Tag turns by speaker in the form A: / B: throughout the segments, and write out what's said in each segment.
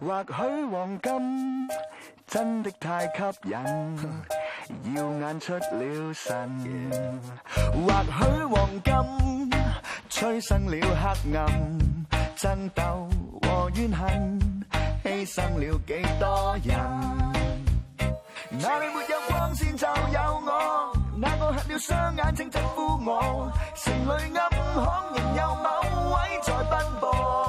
A: 或許黃金真的太吸引，耀眼出了神。或許
B: 黃金催生了黑暗，爭鬥和怨恨犧牲了幾多人。 那裏沒有光線就有我，那個瞎了雙眼請直呼我，城裏暗巷仍有某位在奔波。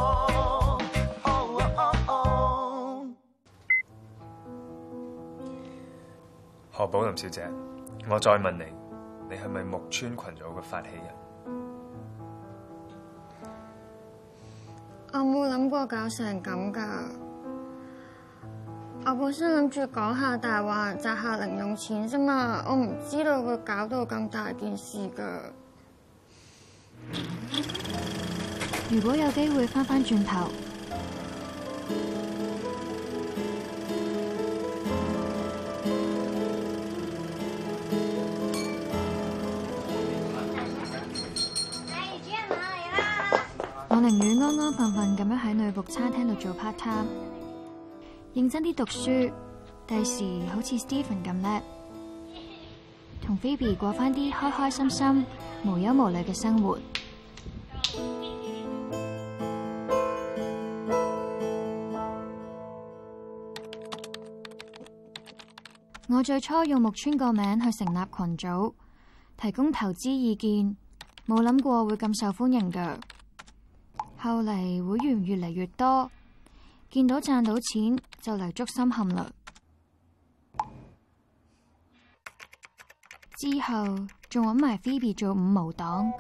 A: 何寶林小姐，我再問你，你係咪木村群組嘅發起人？
B: 我冇諗過搞成咁噶，我本身諗住講下大話，賺下零用錢啫嘛，我唔知道會搞到咁大件事噶。如果有機會翻翻轉頭。寧願安安分分咁樣喺女僕餐廳度做 part time，認真啲讀書，第時好似 Stephen 咁叻，同 Phoebe 過翻啲開開心心、無憂無慮嘅生活。 我最初用木村個名去成立群組，提供投資意見，冇諗過會咁受歡迎噶。後嚟會員越嚟越多，見到賺到錢就嚟足心陷嘞。之後仲搵埋 Phoebe 做五毛黨，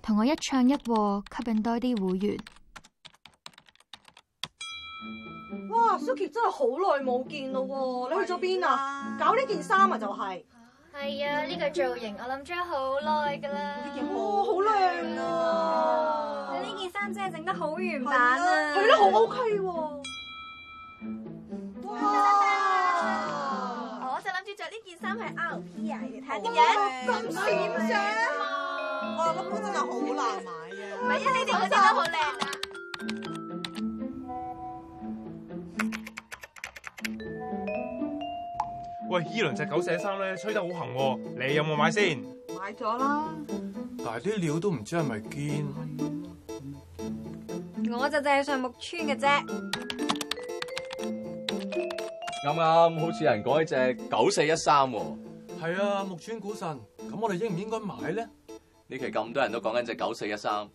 B: 同我一唱一和，吸引多啲會員。
C: 哇，Suki 真係好耐冇見咯，你去咗邊啊？的搞呢件衫啊，就係、是。係啊，
B: 呢、這個造型我諗咗好耐噶啦。哇、哦，好靚啊！衫真係整得好原版啊，佢都好 OK
A: 喎、啊。哇！我就諗住着呢
B: 件衫係 R P
A: 嘅，睇下點樣。咁時
B: 尚啊！我諗都真係好難買啊。唔係啊，呢件嗰啲都好
A: 靚啊。喂，依輪隻狗寫衫咧，吹得好行喎、啊。你有冇買先？
B: 買咗啦。
D: 但係啲料，料都唔知係咪堅。
B: 我就就係上木村嘅啫，
D: 啱啱好似人講呢隻九四一三喎、啊，係、嗯、啊木村股神，咁我哋應唔應該買咧？呢期咁多人都講緊隻九四一三，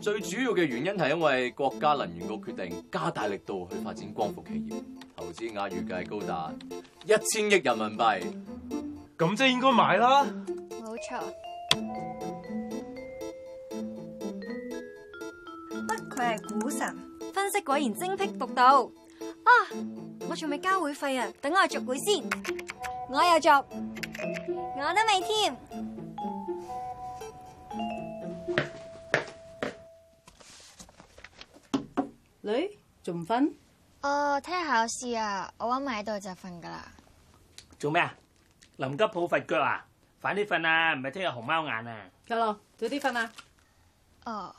D: 最主要嘅原因係因為國家能源局決定加大力度去發展光伏企業，投資額預計高達一千億人民幣，咁即係應該買啦。
B: 冇錯。佢係股神，分析果然精闢獨到啊！我仲未交會費啊，等我續會先。我有續，我都未添。
C: 女仲唔瞓？
B: 哦，聽日考試啊，我啱啱喺度就瞓噶啦。
A: 做咩啊？臨急抱佛腳啊？快啲瞓啊！唔係聽日熊貓眼啊！
C: 得囉，早啲瞓啊！哦。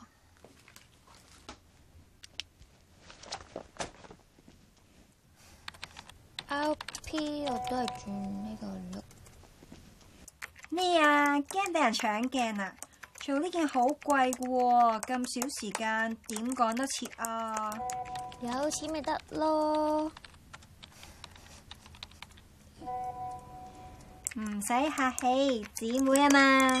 B: L P 我都係轉呢個 look 咩啊？驚俾人搶鏡啊。做呢件好貴喎，咁少時間點趕得切啊？有錢咪得咯。唔使客氣姊妹啊嘛。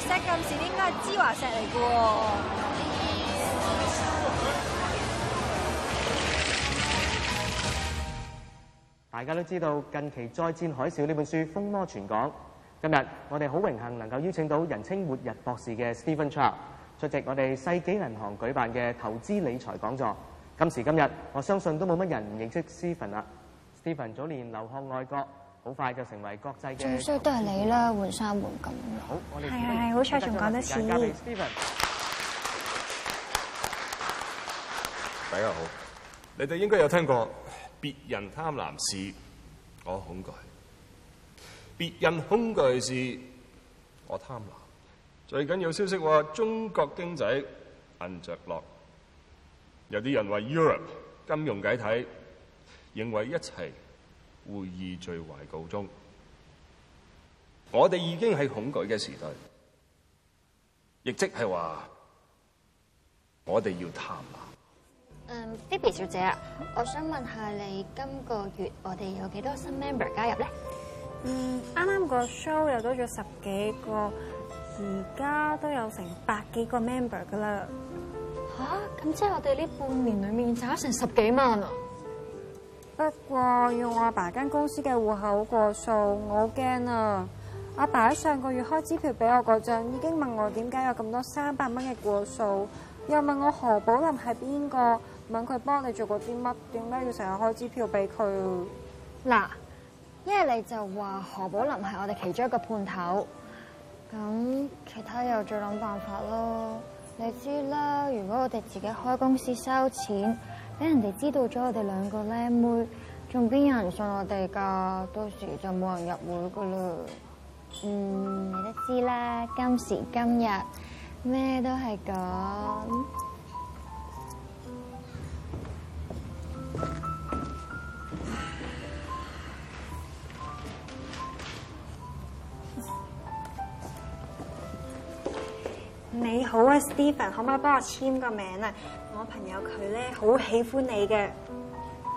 B: 石咁小，應該
A: 係芝華石嚟嘅、哦、大家都知道近期《再戰海嘯》呢本書風靡全港。今日我哋好榮幸能夠邀請到人稱末日博士嘅 Stephen Chow 出席我哋世紀銀行舉辦嘅投資理財講座。今時今日，我相信都冇乜人唔認識 Stephen 啦。Stephen 早年留學外國。好快就成為國際嘅最衰都係你啦，
B: 換衫換咁
E: 耐，係係係，好彩仲講得
B: 少。
E: 大家好， 你哋應該有聽過，別人貪婪時，我恐懼；別人恐懼時，我貪婪。最緊要消息話，中國經濟硬着落。有啲人話 Europe 金融解體認為一切會以最壞告終。我哋已經喺恐懼嘅時代，亦即係話，我哋要貪婪。嗯，
B: 菲比小姐啊，我想問下你今個月我哋有幾多新 member 加入咧？嗯，啱啱個 show 又多咗十幾個，而家都有成百幾個 member 噶啦。吓、啊，咁即係我哋呢半年裏面賺咗成十幾萬啊！不過我用阿爸間公司嘅戶口過數，我好驚啊！阿爸喺上個月開支票俾我嗰陣，已經問我點解有咁多三百蚊嘅過數，又問我何寶林係邊個，問佢幫你做過啲乜，點解要成日開支票俾佢？嗱，一係你就話何寶林係我哋其中一個判頭，咁其他又再諗辦法咯。你知啦，如果我哋自己開公司收錢，俾人哋知道咗我哋兩個 𡃁 妹，仲邊有人信我哋㗎？到時就冇人入會㗎喇。嗯，你都知啦。今時今日咩都係咁。你好啊，Steven，可唔可以幫我簽個名啊？我朋友佢咧好喜歡你嘅。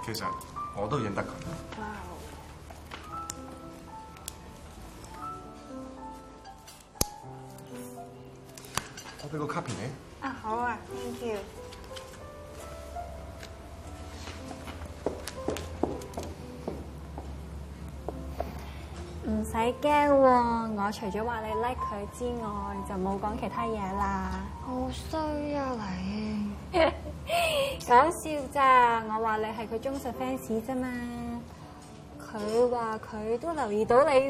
E: 其實我都認得佢。Wow. 我俾個卡片你。啊、
B: oh，好啊，thank you。唔使驚，我除咗話你 like 佢之外，就冇講其他嘢啦。好衰啊你！講笑咋？我話你係佢忠實 fans 咋嘛？佢話佢都留意到你，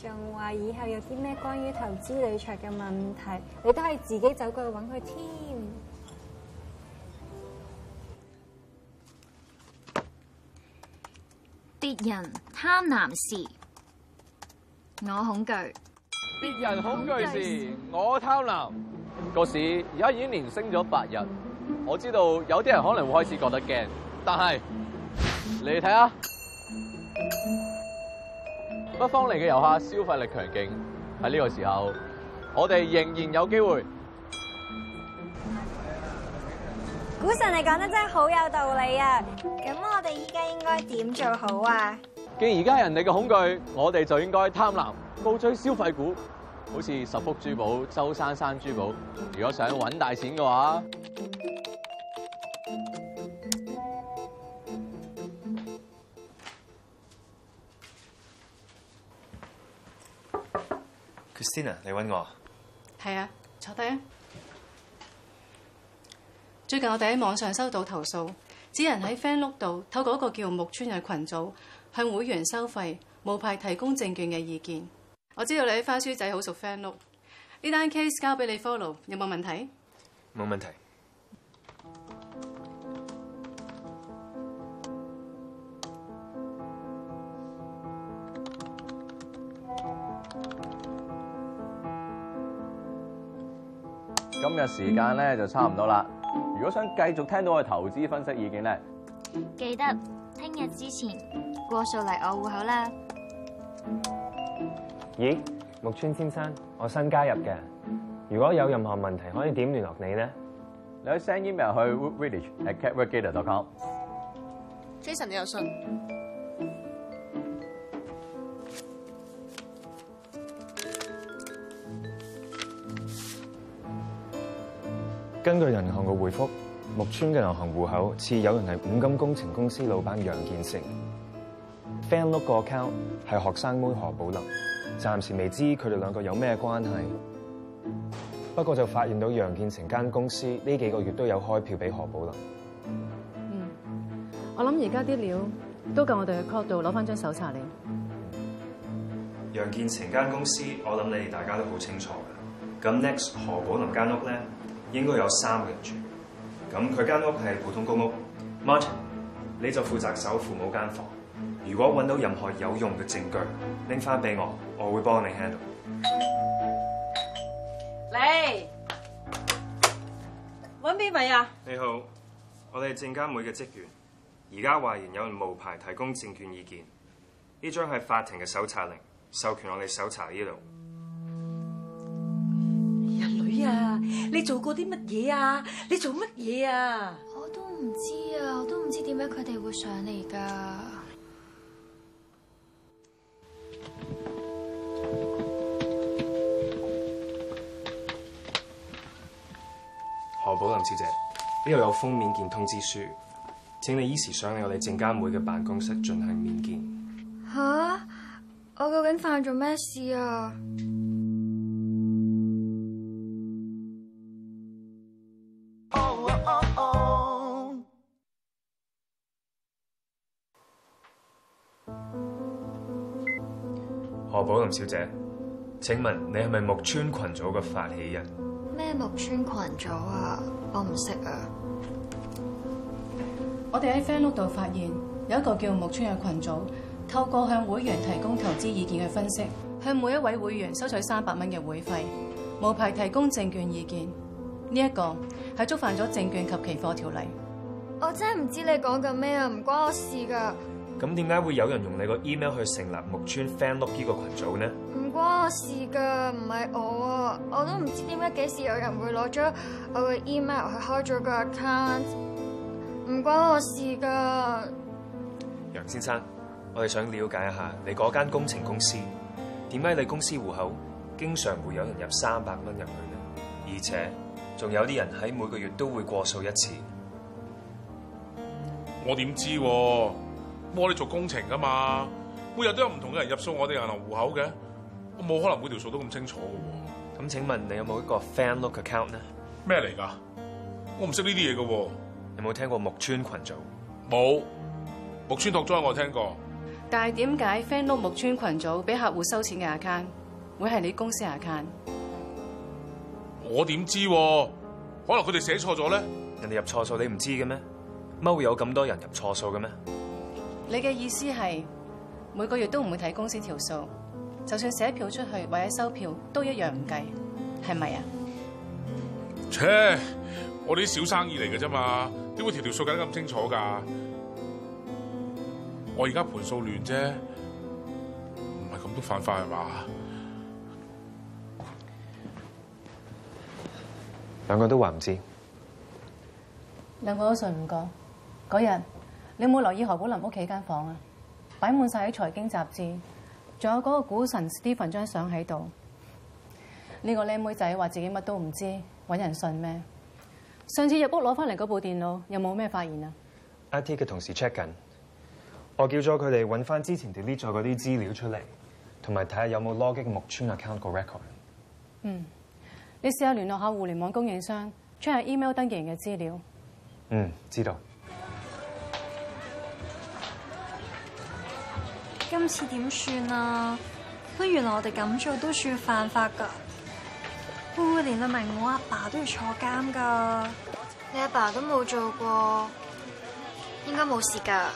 B: 仲話以後有啲咩關於投資理財嘅問題，你都可以自己走過去搵佢添。別人貪男事。我恐
D: 懼，別人恐懼時，懼事我貪婪。個市而家已經連升咗八日，我知道有啲人可能會開始覺得驚，但係你睇下，北、嗯、方嚟嘅遊客消費力強勁，喺呢個時候，我哋仍然有機會。
B: 股神你講得真係好有道理啊！咁我哋依家應該點做好啊？
D: 而家人哋嘅恐懼，我哋就應該貪婪高追消費股，好似十福珠寶、周生生珠寶。如果想揾大錢嘅話
A: ，Christina，你揾我。
C: 係啊，坐低。最近我哋喺網上收到投訴，指有人喺 Friend Look 度透過一個叫木村嘅群組。向會員收費，無牌提供證券嘅意見。我知道你喺花書仔好熟 friend 碌呢單 case 交俾你 follow 有冇問題？
A: 冇問題。
D: 今日時間咧就差唔多啦。嗯、如果想繼續聽到我嘅投資分析意見咧，
B: 記得聽日之前。過
D: 數嚟我戶口啦。
A: 咦，木村先生，我新加入嘅。如果有任何問題，可以點聯絡你咧？你
D: 可以 send email 去 woodvillage at cadvergator dot com。
C: 非常之有信。
A: 根據銀行嘅回覆，木村嘅銀行戶口持有人係五金工程公司老闆楊建成。Fansbook 個 account 係學生妹何寶林，暫時未知佢哋兩個有咩關係。不過就發現到楊建成間公司呢幾個月都有開票俾何寶林。嗯，
C: 我諗而家啲料都夠我哋去 call 到攞翻張搜查令。
A: 楊建成間公司，我諗你哋大家都好清楚㗎。咁 next 何寶林間屋咧，應該有三個人住。咁佢間屋係普通公屋。Martin，你就負責守父母間房。如果揾到任何有用嘅證據，拎翻俾我，我會幫你 handle。
E: 喂，
B: 揾邊位啊？
A: 你好，我哋係證監會嘅職員，而家懷疑有人無牌提供證券意見，呢張係法庭嘅搜查令，授權我哋搜查呢
B: 度。
C: 呀女啊，你做過啲乜嘢啊？
B: 你做乜嘢啊？我都唔知啊，我都唔知點解佢哋會上嚟噶。
A: 何寶林小姐，呢度有封面見通知書，請你依時上嚟我哋證監會嘅辦公室進行面見。
B: 吓？我究竟犯咗咩事啊？
A: 何寶林小姐，請問你係咪木村群組嘅發起人？
B: 咩木村群組啊？我
C: 唔識啊！我哋喺 Fan 錄度發現有一個叫木村嘅群組，透過向會員提供投資意見嘅分析，向每一位會員收取三百蚊嘅會費，無牌提供證券意見，呢一個係觸犯咗證券及期貨條例。
B: 我真係唔知你講緊咩啊！唔關我事噶。
A: 咁點解會有人用你個 email 去成立木村 Fan 錄呢個群組呢？
B: 唔關我事噶，唔係我啊，我都唔知點解幾時有人會攞咗我嘅 email 去開咗個 account，唔關我事噶。
A: 楊先生，我哋想了解一下你嗰間工程公司，點解你公司戶口經常會有人入三百蚊入去嘅？而且仲有啲人喺每個月都會過數一次。我點知啊？我哋做工程噶嘛，每日都有唔同嘅人入數我哋銀行戶口嘅。我冇可能每條數都咁清楚嘅、啊。咁請問你有冇一個 Fansbook account 呢？
B: 咩嚟噶？
A: 我唔識呢啲嘢嘅。有冇聽過木村群組？冇。木村拓哉我聽過。
C: 但係點解 Fansbook 木村群組俾客戶收錢嘅 account 會係你公司 account？
A: 我點知、啊？可能佢哋寫錯咗咧。人哋入錯數你唔知嘅咩？乜會有咁多人入錯數嘅咩？
C: 你嘅意思係每個月都唔會睇公司條數？就算寫票出去或者收票都一樣唔計，係咪啊？
E: 切！
A: 我哋啲小生意嚟嘅啫嘛，點會條條數計得咁清楚噶？我而家盤數亂啫，唔係咁都犯法係嘛？兩個都話唔知，
C: 兩個都信唔過。嗰日你有冇留意何寶林屋企間房啊？擺滿晒喺財經雜誌。仲有嗰個股神 Stephen 張相喺度，呢個靚妹仔話自己乜都唔知，揾人信咩？上次入屋攞翻嚟嗰部電腦有冇咩發現
A: 啊？IT 嘅同事 check 緊，我叫咗佢哋揾翻之前 delete 咗嗰啲資料出嚟，同埋睇下有冇 logic 木村 account record。嗯，
C: 你試下聯絡下互聯網供應商 check 下 email 登記人嘅資料。
A: 嗯，知道。
C: 今次點算啊？喂，原來我哋咁做
B: 都算犯法噶，會唔會連到埋我阿爸都要坐監噶？你阿爸都冇做過，應該冇事噶。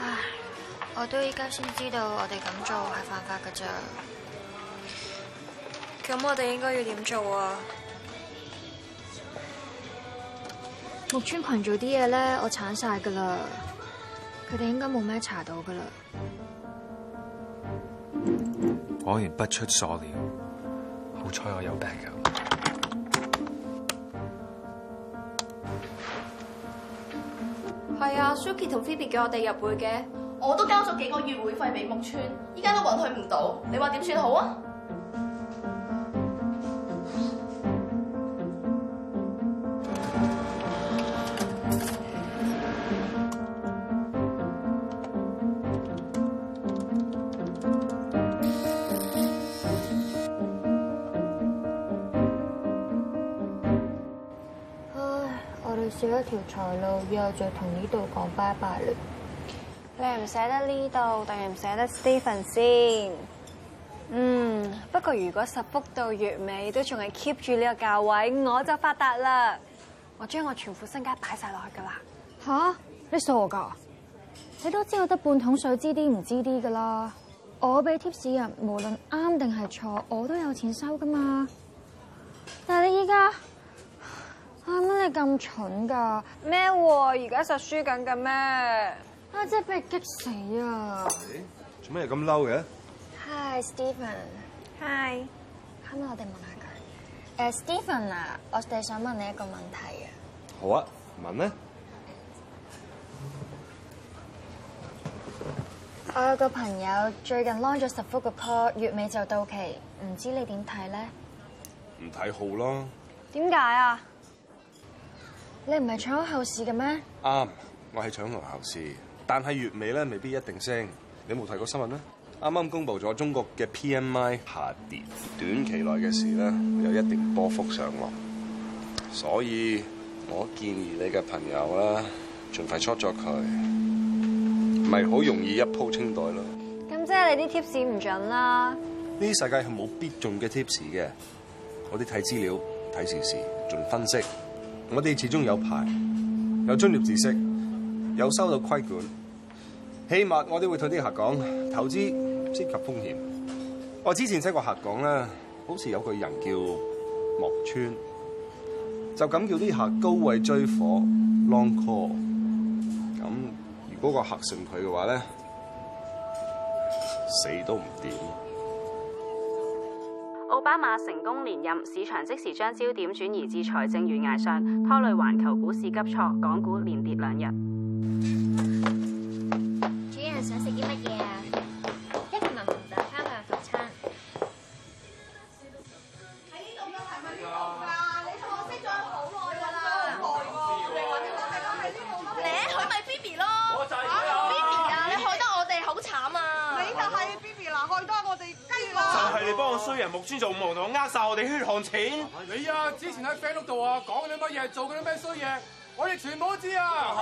B: 唉，我都依家先知道我哋咁做係犯法噶啫。咁我哋應該要點做啊？木村群做啲嘢咧，我鏟晒噶啦。佢哋應該冇咩查到㗎喇，
A: 果然不出所料。好彩我有病嘅、啊，
B: 係啊 ，Suki 同 Phoebe 叫
C: 我哋入會嘅，我都交咗幾個月會費俾木村，依家都搵佢唔到，你話點算好啊？
B: 財路以後同呢度講拜拜啦，你係唔捨得呢度定係唔捨得 Steven 先？嗯，不過如果十幅到月尾都仲係 keep 住呢個價位，我就發達啦。我將我全副身家擺晒落去噶啦。吓、啊，你傻噶？你都知道得半桶水知啲唔知啲噶啦。我俾貼士嘅，無論啱定係錯，我都有錢收噶嘛。但係你依家。啱啱你咁蠢噶咩？而家實輸緊噶咩？啊！真係俾人激死啊！
E: 做咩咁嬲嘅？Hi Stephen，Hi，
B: 啱啱我哋問，問下佢。誒、uh，Stephen 啊，我哋想問你一個問題啊。
E: 好啊，問咧。
B: 我有個朋友最近 long 咗十幅嘅 call 月尾就到期，唔知你點睇咧？
E: 唔睇好啦。
B: 點解啊？你唔係搶好後市嘅咩？
E: 啱，我係搶好後市，但係月尾咧未必一定升。你冇睇過新聞咩？啱啱公布咗中國嘅 PMI 下跌，短期內嘅事咧有一定波幅上落，所以我建議你嘅朋友啦，盡快操咗佢，咪好容易一鋪清袋咯。
B: 咁即係你啲 tips 唔準啦？
E: 呢世界係冇必中嘅 tips 嘅，我哋睇資料、睇時事、盡分析。我哋始終有牌，有專業知識，有收到規管，起碼我哋會同啲客講投資涉及風險。我之前識個客講啦，好似有個人叫莫川，就咁叫啲客高位追火 long call，咁如果個客信佢嘅話咧，死都唔掂。巴馬成功連任，市場即時將焦點轉移至財政懸崖上，拖累環球股市急挫，港股連跌兩日。主
B: 人想食啲乜嘢？
A: 啲人木村做無同呃晒我哋血汗錢。
D: 你啊，之前喺 Facebook 度啊講啲乜嘢，做嗰啲咩衰嘢，我哋全部都知都啊。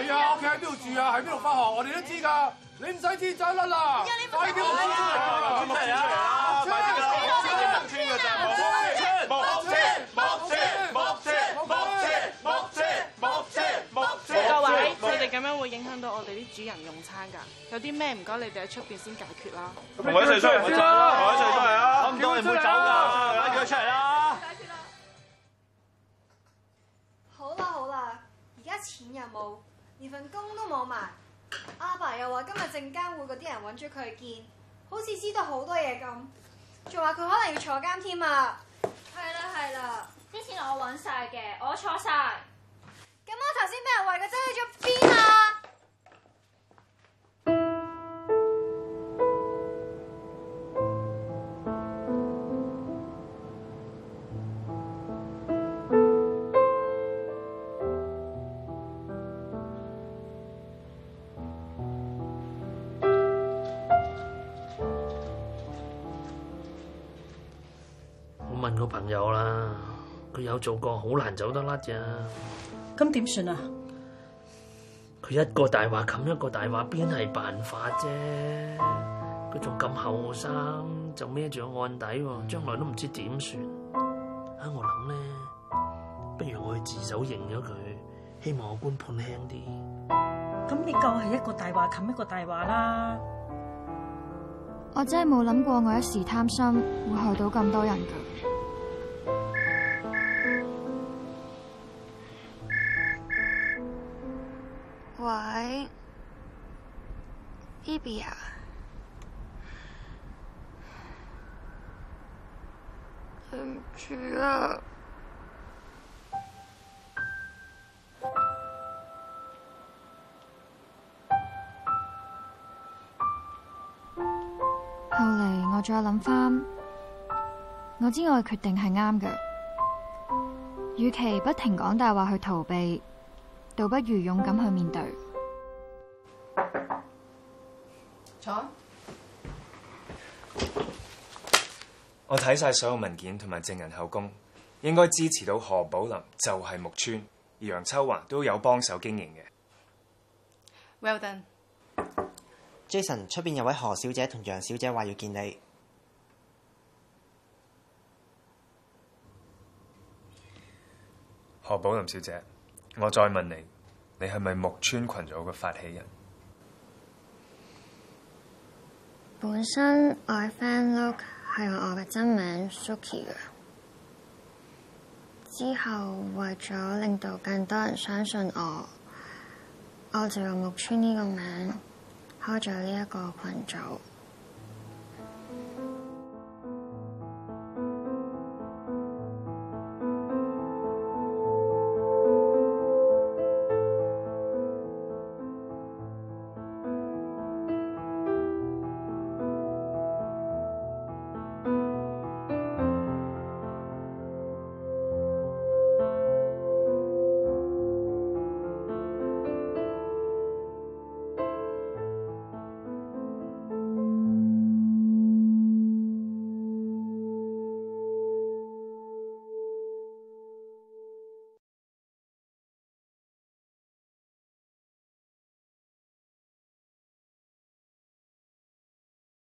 D: 你啊，屋企喺邊度住啊？喺邊度返學？啊、我哋都知㗎。你唔使知就得啦。係啊。呀
B: 你哋
C: 咁樣會影響到我哋啲主人用餐噶有啲咩唔該你哋喺出邊先解決啦。唔好一齊出嚟，唔好一齊出嚟啊！我唔該你唔好走噶，快啲出嚟啦！
B: 好啦好啦，而家錢又冇，連份工都冇埋。阿爸又話今日證監會嗰啲人揾咗佢見，好似知道好多嘢咁，仲話佢可能要坐監添啊！係啦係啦，啲錢我搵晒嘅，我錯晒。啲咩人為
A: 佢真係去咗邊啊？ 我問過朋友啦，佢有做過，好難走得甩咋。咁點算啊？佢一個大話冚一個大話，邊係辦法啫？佢仲咁後生，就孭住個案底，將來都唔知點算。吓我諗咧，
B: 不如我去自首認咗佢，希望我官判輕啲。咁你夠係一個大話冚一個大話啦。我真係冇諗過我一時貪心會害到咁多人噶。依邊啊，對唔住啊。後嚟我再諗翻，我知我嘅決定係啱嘅。與其不停講大話去逃避，倒不如勇敢去面對。
A: 我睇晒所有文件同埋證人口供，應該支持到何寶林就係、是、木村，而楊秋華都有幫手經營嘅。
C: Well
A: done，Jason，then. 出邊有位何小姐同楊小姐話要見你。何寶林小姐，我再問你，你係咪木村群組嘅發起人？
B: 本身我嘅 Fansbook 係用我嘅真名 Suki 嘅，之後為咗令到更多人相信我，我就用木村呢個名開咗呢一個群組。